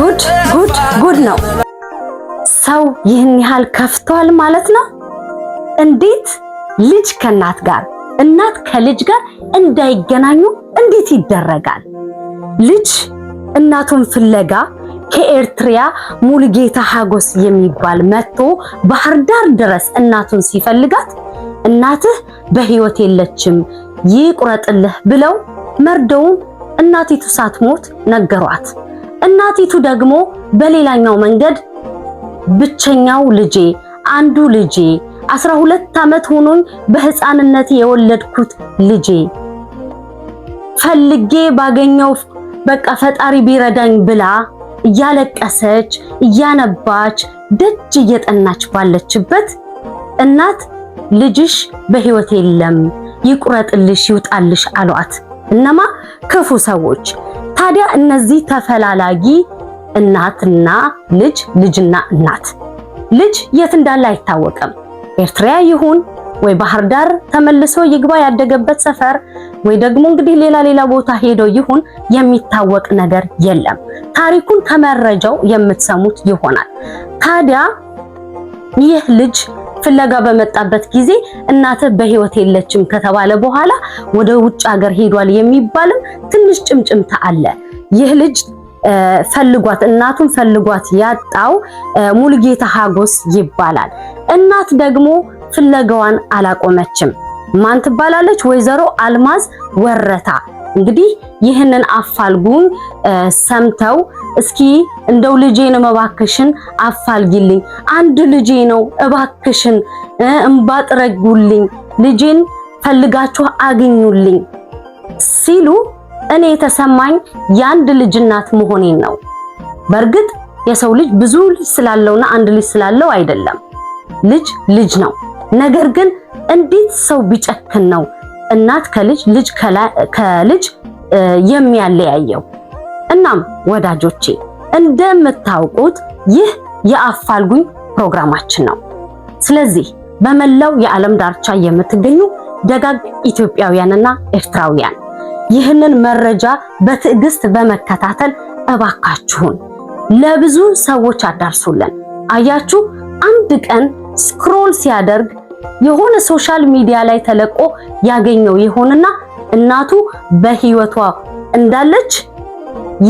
ጉድ ጉድ ጉድ ነው። ሰው ይህን ያህል ከፍቷል ማለት ነው። እንዴት ልጅ ከእናት ጋር እናት ከልጅ ጋር እንዳይገናኙ እንዴት ይደረጋል? ልጅ እናቱን ፍለጋ ከኤርትሪያ ሙሉጌታ ሀጎስ የሚባል መጥቶ ባህር ዳር ድረስ እናቱን ሲፈልጋት እናትህ በህይወት የለችም ይቁረጥልህ ብለው መርደውን እናቲቱ ሳትሞት ነገሯት። እናቲቱ ደግሞ በሌላኛው መንገድ ብቸኛው ልጄ፣ አንዱ ልጄ፣ አስራ ሁለት ዓመት ሆኖኝ በህፃንነት የወለድኩት ልጄ ፈልጌ ባገኘው በቃ ፈጣሪ ቢረዳኝ ብላ እያለቀሰች እያነባች ደጅ እየጠናች ባለችበት እናት ልጅሽ በህይወት የለም ይቁረጥልሽ ይውጣልሽ አሏት። እነማ ክፉ ሰዎች ታዲያ እነዚህ ተፈላላጊ እናትና ልጅ ልጅና እናት ልጅ የት እንዳለ አይታወቅም። ኤርትራ ይሁን ወይ ባህር ዳር ተመልሶ ይግባ ያደገበት ሰፈር ወይ ደግሞ እንግዲህ ሌላ ሌላ ቦታ ሄዶ ይሁን የሚታወቅ ነገር የለም። ታሪኩን ከመረጃው የምትሰሙት ይሆናል። ታዲያ ይህ ልጅ ፍለጋ በመጣበት ጊዜ እናተ በህይወት የለችም ከተባለ በኋላ ወደ ውጭ ሀገር ሄዷል የሚባልም ትንሽ ጭምጭምታ አለ። ይህ ልጅ ፈልጓት እናቱን ፈልጓት ያጣው ሙሉጌታ ሀጎስ ይባላል። እናት ደግሞ ፍለጋዋን አላቆመችም። ማን ትባላለች? ወይዘሮ አልማዝ ወረታ። እንግዲህ ይህንን አፋልጉኝ ሰምተው እስኪ እንደው ልጄን እባክሽን አፋልጊልኝ፣ አንድ ልጄ ነው እባክሽን እምባጥረጉልኝ፣ ልጄን ፈልጋችሁ አግኙልኝ ሲሉ እኔ የተሰማኝ የአንድ ልጅ እናት መሆኔን ነው። በእርግጥ የሰው ልጅ ብዙ ልጅ ስላለውና አንድ ልጅ ስላለው አይደለም፣ ልጅ ልጅ ነው። ነገር ግን እንዴት ሰው ቢጨክን ነው እናት ከልጅ ልጅ ከልጅ የሚያለያየው? እናም ወዳጆቼ እንደምታውቁት ይህ የአፋልጉኝ ፕሮግራማችን ነው። ስለዚህ በመላው የዓለም ዳርቻ የምትገኙ ደጋግ ኢትዮጵያውያንና ኤርትራውያን ይህንን መረጃ በትዕግስት በመከታተል እባካችሁን ለብዙ ሰዎች አዳርሱልን። አያችሁ አንድ ቀን ስክሮል ሲያደርግ የሆነ ሶሻል ሚዲያ ላይ ተለቆ ያገኘው ይሆንና እናቱ በሕይወቷ እንዳለች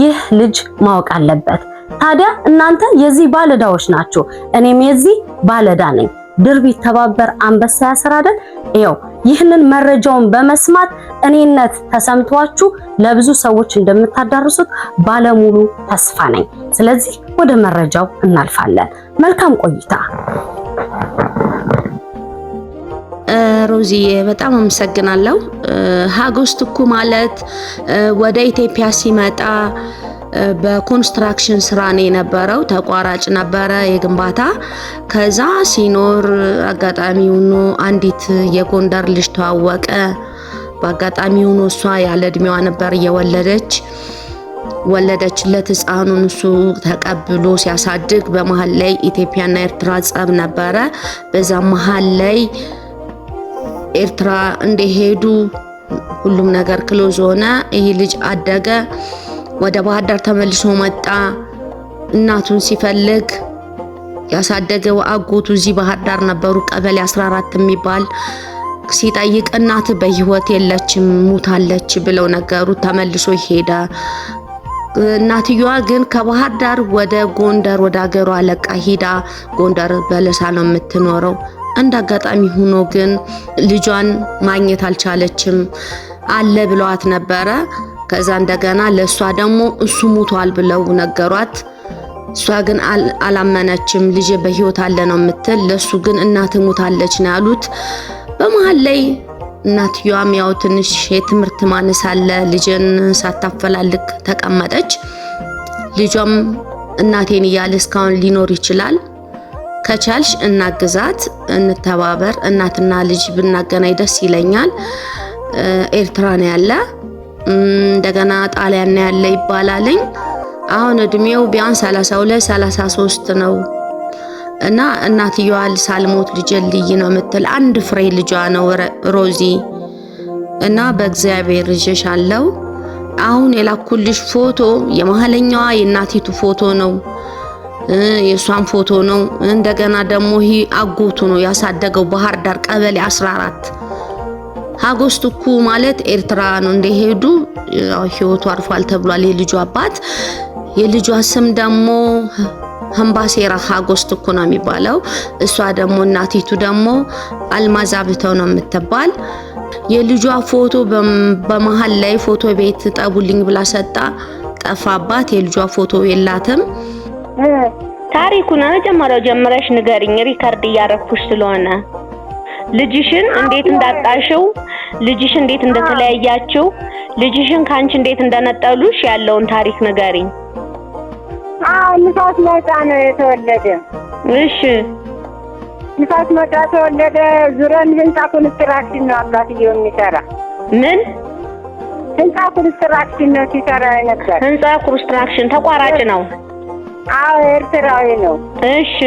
ይህ ልጅ ማወቅ አለበት። ታዲያ እናንተ የዚህ ባለዳዎች ናችሁ፣ እኔም የዚህ ባለዳ ነኝ። ድር ቢተባበር አንበሳ ያስራደን። ይኸው ይህንን መረጃውን በመስማት እኔነት ተሰምቷችሁ ለብዙ ሰዎች እንደምታዳርሱት ባለሙሉ ተስፋ ነኝ። ስለዚህ ወደ መረጃው እናልፋለን። መልካም ቆይታ። ሮዚዬ በጣም አመሰግናለሁ። ሀጎስት እኮ ማለት ወደ ኢትዮጵያ ሲመጣ በኮንስትራክሽን ስራ ነው የነበረው። ተቋራጭ ነበረ የግንባታ። ከዛ ሲኖር አጋጣሚ ሆኖ አንዲት የጎንደር ልጅ ተዋወቀ። በአጋጣሚ ሆኖ እሷ ያለ እድሜዋ ነበር እየወለደች ወለደችለት ህፃኑን። እሱ ተቀብሎ ሲያሳድግ በመሀል ላይ ኢትዮጵያና ኤርትራ ጸብ ነበረ። በዛ መሀል ላይ ኤርትራ እንደሄዱ ሁሉም ነገር ክሎዝ ሆነ። ይህ ልጅ አደገ፣ ወደ ባህር ዳር ተመልሶ መጣ። እናቱን ሲፈልግ ያሳደገው አጎቱ እዚህ ባህር ዳር ነበሩ፣ ቀበሌ 14 የሚባል ሲጠይቅ እናት በህይወት የለችም ሙታለች ብለው ነገሩት። ተመልሶ ሄደ። እናትየዋ ግን ከባህር ዳር ወደ ጎንደር ወደ ሀገሯ አለቃ ሂዳ ጎንደር በለሳ ነው የምትኖረው። እንደ አጋጣሚ ሆኖ ግን ልጇን ማግኘት አልቻለችም። አለ ብለዋት ነበረ። ከዛ እንደገና ለእሷ ደግሞ እሱ ሙቷል ብለው ነገሯት። እሷ ግን አላመነችም። ልጄ በህይወት አለ ነው የምትል፣ ለእሱ ግን እናት ሙታለች ነው ያሉት። በመሀል ላይ እናትየዋም ያው ትንሽ የትምህርት ማነስ አለ፣ ልጄን ሳታፈላልግ ተቀመጠች። ልጇም እናቴን እያለ እስካሁን ሊኖር ይችላል ከቻልሽ እናግዛት፣ እንተባበር። እናትና ልጅ ብናገናኝ ደስ ይለኛል። ኤርትራ ነው ያለ፣ እንደገና ጣሊያን ነው ያለ ይባላልኝ። አሁን እድሜው ቢያንስ 32 33 ነው እና እናትየዋ ሳልሞት ልጄ ልይ ነው የምትል አንድ ፍሬ ልጇ ነው ሮዚ እና በእግዚአብሔር ልጅሽ አለው። አሁን የላኩልሽ ፎቶ የመሀለኛዋ የእናቲቱ ፎቶ ነው። የእሷን ፎቶ ነው። እንደገና ደግሞ ይህ አጎቱ ነው ያሳደገው ባህር ዳር ቀበሌ 14 አጎስት እኩ ማለት ኤርትራ ነው እንደሄዱ ህይወቱ አርፏል ተብሏል። የልጁ አባት የልጇ ስም ደግሞ አምባሴራ ሀጎስት እኩ ነው የሚባለው። እሷ ደግሞ እናቲቱ ደግሞ አልማዝ አብተው ነው የምትባል። የልጇ ፎቶ በመሀል ላይ ፎቶ ቤት ጠቡልኝ ብላ ሰጣ ጠፋባት። የልጇ ፎቶ የላትም። ታሪኩን መጀመሪያው ጀምረሽ ንገሪኝ፣ ሪከርድ እያረኩሽ ስለሆነ ልጅሽን እንዴት እንዳጣሽው፣ ልጅሽ እንዴት እንደተለያያችው፣ ልጅሽን ከአንቺ እንዴት እንደነጠሉሽ ያለውን ታሪክ ንገሪኝ። አዎ ንፋስ መውጫ ነው የተወለደ። እሺ ንፋስ መውጫ ተወለደ። ዙረን ህንጻ ኮንስትራክሽን ነው አባትየው የሚሰራ። ምን ህንጻ ኮንስትራክሽን ነው ሲሰራ ነበር። ህንጻ ኮንስትራክሽን ተቋራጭ ነው። አዎ ኤርትራዊ ነው። እሺ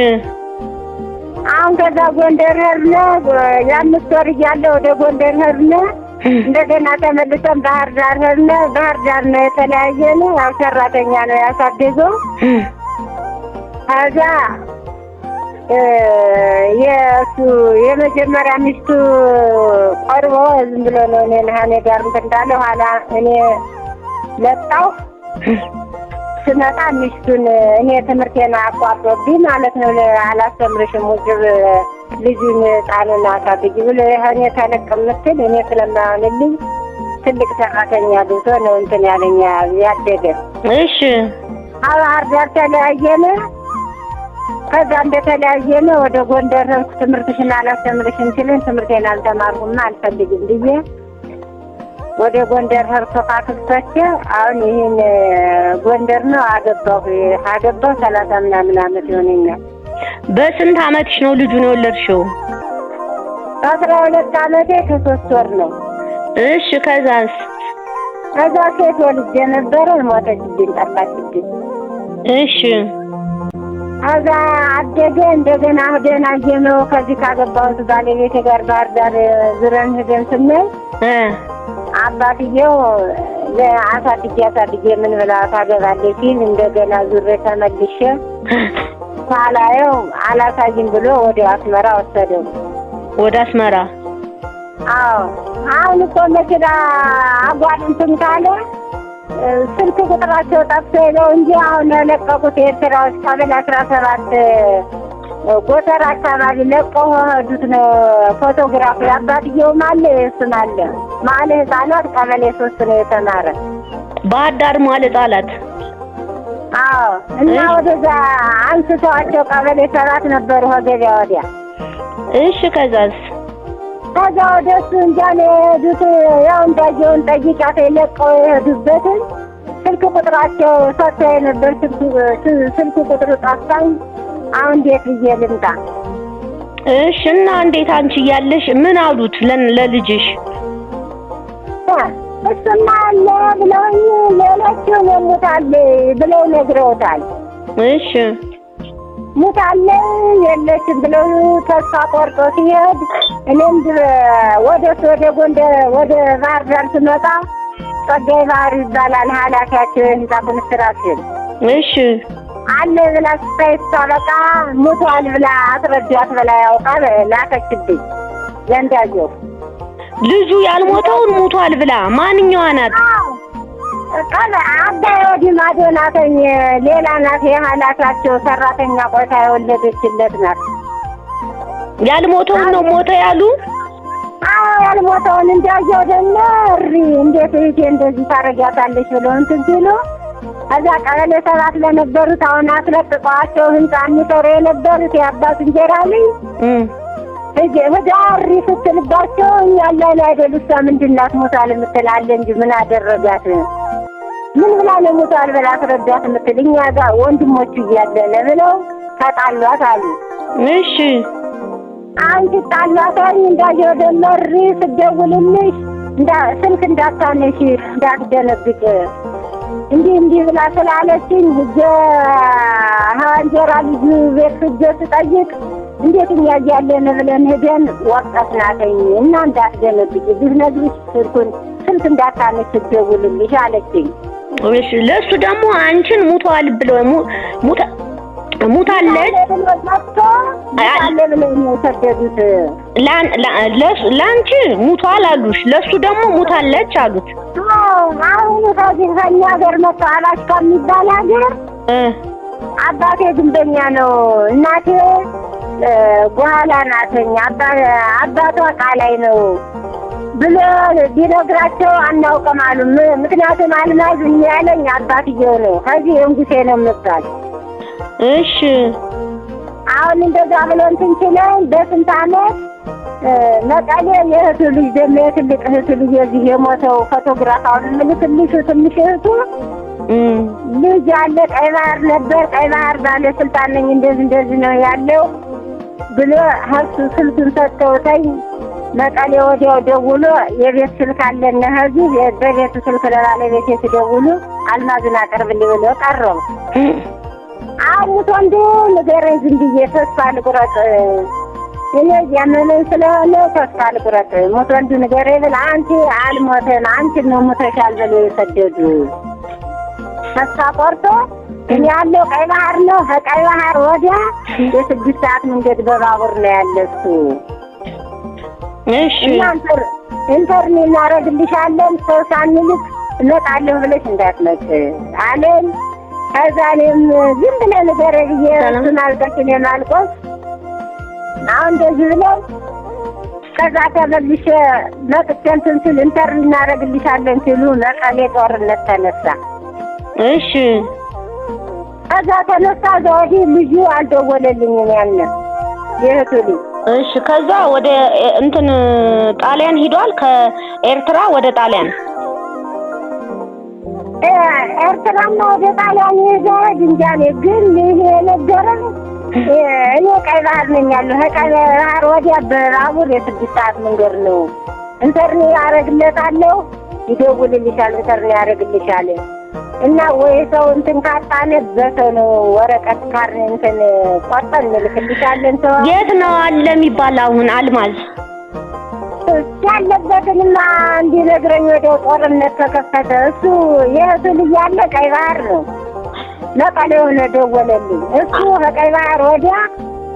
አሁን ከዛ ጎንደር ሄድን። የአምስት ወር እያለ ወደ ጎንደር ሄድን። እንደገና ተመልሰን ባህር ዳር ሄድን። ባህር ዳር ነው የተለያየን። ያው ሰራተኛ ነው ያሳደገው። ከዛ የእሱ የመጀመሪያ ሚስቱ ቆርቦ ዝም ብሎ ነው እኔን ሀኔ ጋር እንትን እንዳለ ኋላ እኔ ለጣው ስመጣ ሚስቱን እኔ ትምህርቴን አቋርጦብኝ ማለት ነው አላስተምርሽም ውጭብ ልጁን ጣኑን አሳብጅ ብሎ እኔ ተለቅ ምትል እኔ ስለማንልኝ ትልቅ ሰራተኛ ልብሶ ነው እንትን ያለኛ ያደገ እሺ አባህር ዳር ተለያየነ። ከዛ እንደተለያየነ ወደ ጎንደር ትምህርትሽን አላስተምርሽም ሲለኝ ትምህርቴን አልተማርኩም አልፈልግም ብዬ ወደ ጎንደር ሄድኩ ካክልቶቼ አሁን ይህን ጎንደር ነው አገባሁ አገባሁ ሰላሳ ምናምን አመት ይሆነኛል። በስንት አመትሽ ነው ልጁን የወለድሽው? አስራ ሁለት አመቴ ከሶስት ወር ነው። እሺ ከዛስ? ከዛ ሴት ወልጄ ነበረ ሞተችብኝ፣ ጠፋችብኝ። እሺ ከዛ አደገ እንደገና ደህና ነው። ከዚህ ካገባሁት ባለቤቴ ጋር ባህር ዳር ዙረን ሄደን ስናይ አባትየው አሳድጌ አሳድጌ ምን ብላ ታገባለች ሲል እንደገና ዙሬ ተመልሼ ሳላየው አላሳይም ብሎ ወደ አስመራ ወሰደው። ወደ አስመራ? አዎ። አሁን እኮ መኪና አጓድንትን ካለ ስልክ ቁጥራቸው ጠፍቶ ነው እንጂ አሁን የለቀቁት ኤርትራዎች ቀበሌ አስራ ሰባት ጎተራ አካባቢ ለቀው ሄዱት ነው። ፎቶግራፍ አባትየውም አለ እሱም አለ። መዋዕለ ህጻናት ቀበሌ ሶስት ነው የተማረ ባህዳር መዋዕለ ህጻናት። አዎ። እና ወደዛ አንስተዋቸው ቀበሌ ሰባት ነበሩ ከገበያ ወዲያ። እሺ። ከዛስ? ከዛ ወደሱ እንጃ ነው የሄዱት። ያው እንዳየውን ጠይቃት የለቀው የሄዱበትን ስልክ ቁጥራቸው ሰጥቶ የነበር ስልክ ቁጥሩ ጠፋኝ። አሁን እንዴት ብዬ ልምጣ? እሺ። እና እንዴት አንቺ እያለሽ ምን አሉት ለልጅሽ? መጣ። እሱማ አለ ብለውኝ ሌሎቹም ሙታል ብለው ነግረውታል። እሺ ሙታለ የለችም ብለው ተስፋ ቆርጦ ሲሄድ እኔም ወደ ወደ ጎንደር ወደ ባህር ዳር ስመጣ ጸጋይ ባህር ይባላል ኃላፊያቸው የህንፃ ኮንስትራክሽን እሺ አለ ብላ ስታይታ በቃ ሙቷል ብላ አስረዳት በላ ያውቃል ላከችብኝ ዘንዳየው ልጁ ያልሞተውን ሙቷል ብላ ማንኛዋ ናት? አዳይ ወዲህ ማዶ ናተኝ ሌላ ናት። የሀላታቸው ሰራተኛ ቆይታ የወለደችለት ናት። ያልሞተውን ነው ሞተ ያሉ ያልሞተውን እንዲያየው ደግሞ እሪ እንዴት እህቴ እንደዚህ ታረጊያታለች ብሎ እንትን እዛ ቀበሌ ሰባት ለነበሩት አሁን አስለቅቀዋቸው ህንፃ የሚሰሩ የነበሩት የአባት እንጀራ ልኝ ህዳር ስትልባቸው እኛ ላይ አይደል እሷ ምንድን ናት ሞታል የምትላለ እንጂ ምን አደረጋት? ምን ብላ ነው ሞታል ብላ አስረዳት የምትል እኛ ጋር ወንድሞቹ እያለለ ብለው ተጣሏት አሉ። እሺ አንቺ ጣሏታኝ እንዳየ ወደ መሪ ስደውልልሽ ስልክ እንዳታነሽ እንዳትደነግጭ እንዲህ እንዲህ ብላ ስላለችኝ እንጀራ ልጅ ቤት ስጄ ስጠይቅ እንዴት እኛ እያለን ብለን ሄደን ወቀስናተኝ እና እንዳትደነግጭ ብትነግሪሽ ስልኩን ስልክ እንዳታነሽ ትደውልልሽ አለችኝ። እሺ ለእሱ ደግሞ አንቺን ሙቷል ብለው ሙታ ሙታለች ለሱ ለአንቺ ሙቷል አሉሽ፣ ለእሱ ደግሞ ሙታለች አሉት። አሁን ከዚህ ከእኛ ሀገር መጥቶ አላሽ ከሚባል ሀገር አባቴ ግንበኛ ነው እናቴ በኋላ ናተኝ አባቷ ቃላይ ነው ብሎ ቢነግራቸው አናውቅም አሉ። ምክንያቱም አልማዝ ያለኝ አባትየው ነው። ከዚህ እንጉሴ ነው የምባል። እሺ አሁን እንደዛ ብሎ እንትን ችለን በስንት አመት መቀሌ የእህቱ ልጅ ደግሞ የትልቅ እህቱ ልጅ የዚህ የሞተው ፎቶግራፍ አሁን ምልክልሽ ትንሽ እህቱ ልጅ አለ። ቀይ ባህር ነበር። ቀይ ባህር ባለስልጣን ነኝ እንደዚህ እንደዚህ ነው ያለው ብሎ ሀብቱ ስልኩን ሰጥተውታኝ መቀሌ ወዲያው ደውሎ የቤት ስልክ አለና ህዝብ በቤቱ ስልክ ለባለቤት ደውሉ አልማዝን አቀርብልኝ ብሎ ቀረው። አሙቶ እንደ ንገረኝ ዝም ብዬ ተስፋ ልቁረጥ እኔ ያመመኝ ስለሆነ ተስፋ ልቁረጥ ሞቶ እንዱ ንገረኝ ብል አንቺ አልሞተን አንቺ ነው ሞተሻል ብሎ የሰደዱ ተስፋ ቆርጦ እኔ ያለው ቀይ ባህር ነው። ከቀይ ባህር ወዲያ የስድስት ሰዓት መንገድ በባቡር ነው ያለሱ። እሺ ኢንተርኔ እናደርግልሻለን ሰው ሳንልክ እመጣለሁ ብለሽ እንዳትመጭ አለን። ከዛ እኔም ዝም ብለህ ብዬ እሱን አልበትን የማልቆስ አሁን እንደዚህ ከዛ ተመልሼ መጥቼ እንትን ስል እናደርግልሻለን ሲሉ መቀሌ ጦርነት ተነሳ። እሺ ከዛ ተነሳ ዘወዲ ልጁ አልደወለልኝም ያለ የእህቱ ልጅ። እሺ ከዛ ወደ እንትን ጣሊያን ሂዷል። ከኤርትራ ወደ ጣሊያን ኤርትራና ወደ ጣሊያን የሄደ ድንጃኔ ግን ይሄ የነገረን እኔ ቀይ ባህር ነኝ ያለሁ። ከቀይ ባህር ወዲያ በባቡር የስድስት ሰዓት መንገድ ነው። ኢንተርኔ ያደርግለታለሁ፣ ይደውልልሻል። ኢንተርኔ ያደርግልሻል እና ወይ ሰው እንትን ካጣነ በሰው ነው ወረቀት ካር እንትን ቆርጠን እንልክልሻለን። ሰው የት ነው አለ የሚባል አሁን አልማዝ ያለበትንማ እንዲነግረኝ ወደ ጦርነት ተከፈተ። እሱ የእህቱ ልጅ ያለ ቀይ ባህር ነው መቀሌ የሆነ ደወለልኝ። እሱ ከቀይ ባህር ወዲያ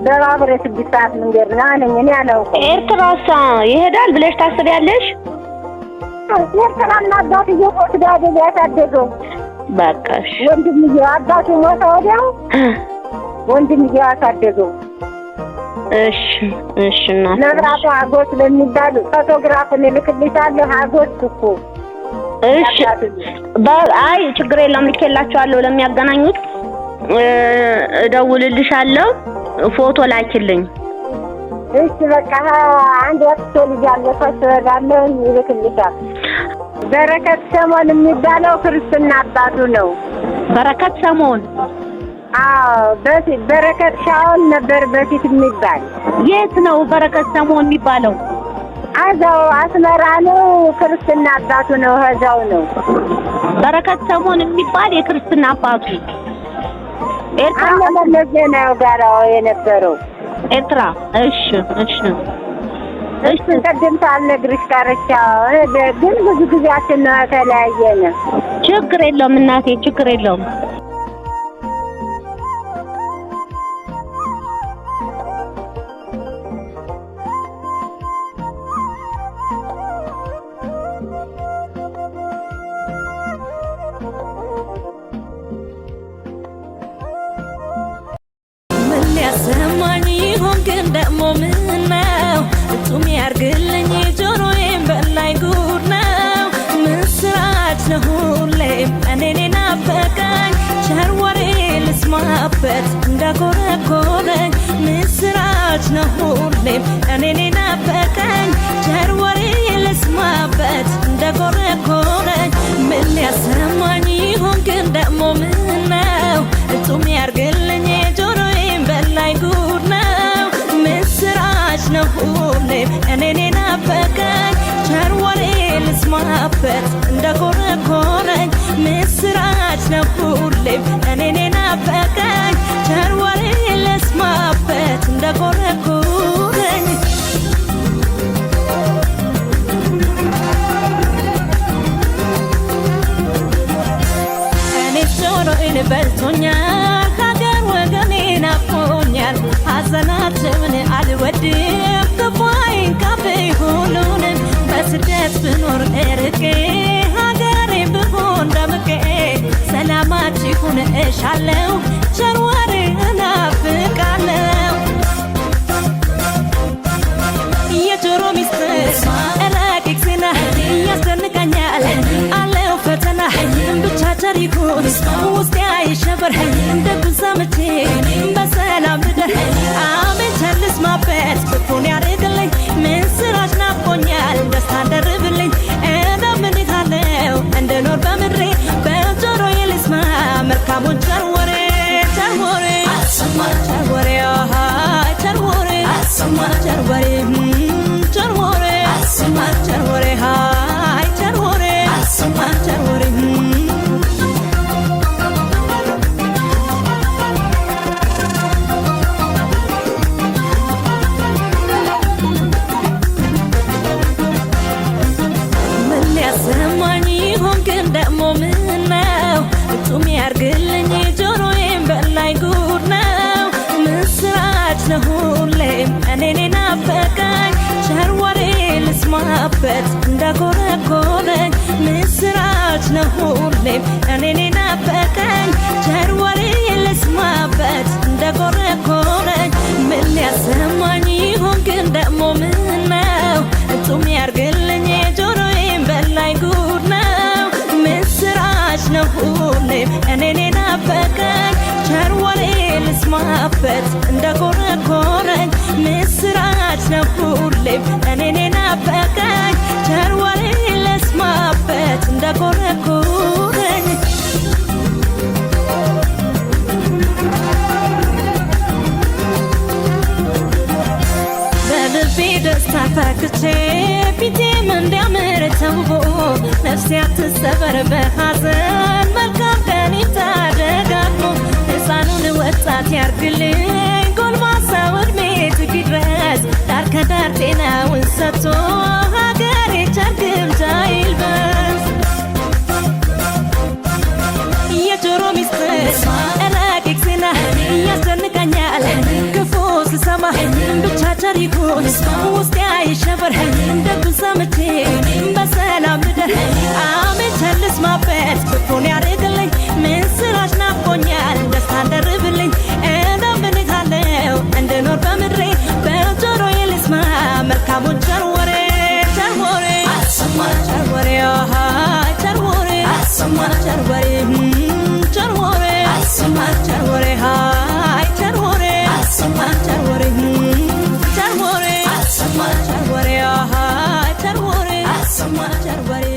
በባቡር የስድስት ሰዓት መንገድ ምናምን እኔ አላውቅም። ኤርትራሳ ይሄዳል ብለሽ ታስቢያለሽ? ኤርትራና አባት እየቆት ጋር ያሳደገው በቃ ወንድምዬ አባቱ ሞተ ወዲያው አሳደገው። እሺ እሺ። መብራቱ ፎቶግራፍ እልክልሻለሁ። እኮ እሺ። አይ ችግር የለም ልኬላቸዋለሁ። ለሚያገናኙት እደውልልሻለሁ። ፎቶ ላኪልኝ። እሺ በቃ አንድ ልጅ ይልክልሻል በረከት ሰሞን የሚባለው ክርስትና አባቱ ነው። በረከት ሰሞን አዎ፣ በፊት በረከት ሻውን ነበር በፊት የሚባል። የት ነው በረከት ሰሞን የሚባለው? አዛው አስመራ ነው። ክርስትና አባቱ ነው፣ እዛው ነው። በረከት ሰሞን የሚባል የክርስትና አባቱ ኤርትራ ነው። ዜናዊ ጋራው የነበረው ኤርትራ። እሺ፣ እሺ። እሺ ቀደምታ አልነግርሽ ቀረች። ግን ብዙ ጊዜያችን ተለያየን። ችግር የለውም እናቴ፣ ችግር የለውም። ስወጣበት እንዳኮረኮረኝ ምስራች ነው ሁሌም ቀኔን ናፈቀኝ ቸር ወሬ ልስማበት እንዳኮረኮረኝ ምን ሊያሰማኝ ይሆን ግን ደግሞ ምነው እጹም ያርግልኝ ጆሮዬን በላይ ጉድ ነው ምስራች ነው ሁሌም ቀኔን ናፈቀኝ ቸር ወሬ ልስማበት እንዳኮረኮረኝ ምስራች ነው ሁሌም ቀኔን ናፈቀኝ ቸር ወሬ ልስማበት እንደጎረጎ é Somewhere, where ስገባበት እንደኮረኮረኝ ምስራች ነው ሁሌም እኔን የናፈቀኝ ቸር ወሬ ልስማበት እንደኮረኮረኝ በልቤ ደስታ ፈክቼ ፊቴም እንዲያምር ተውቦ ነፍሴ አትሰበር በሐዘን ብርታት ያርግልኝ ጎልማሳው እድሜ ድረስ ዳር ከዳር ጤናውን ሰጥቶ ሀገሬ ቸር ግምጃ ይልበስ የጆሮ ሚስጥር ረቂቅ ዜና ያስደንቀኛል ክፉ ስሰማ ብቻ ቸር ይሁን ውስጤ አይሸበር ደጉን ሰምቼ በሰላም ምድር አሜን ቸር ልስማበት ser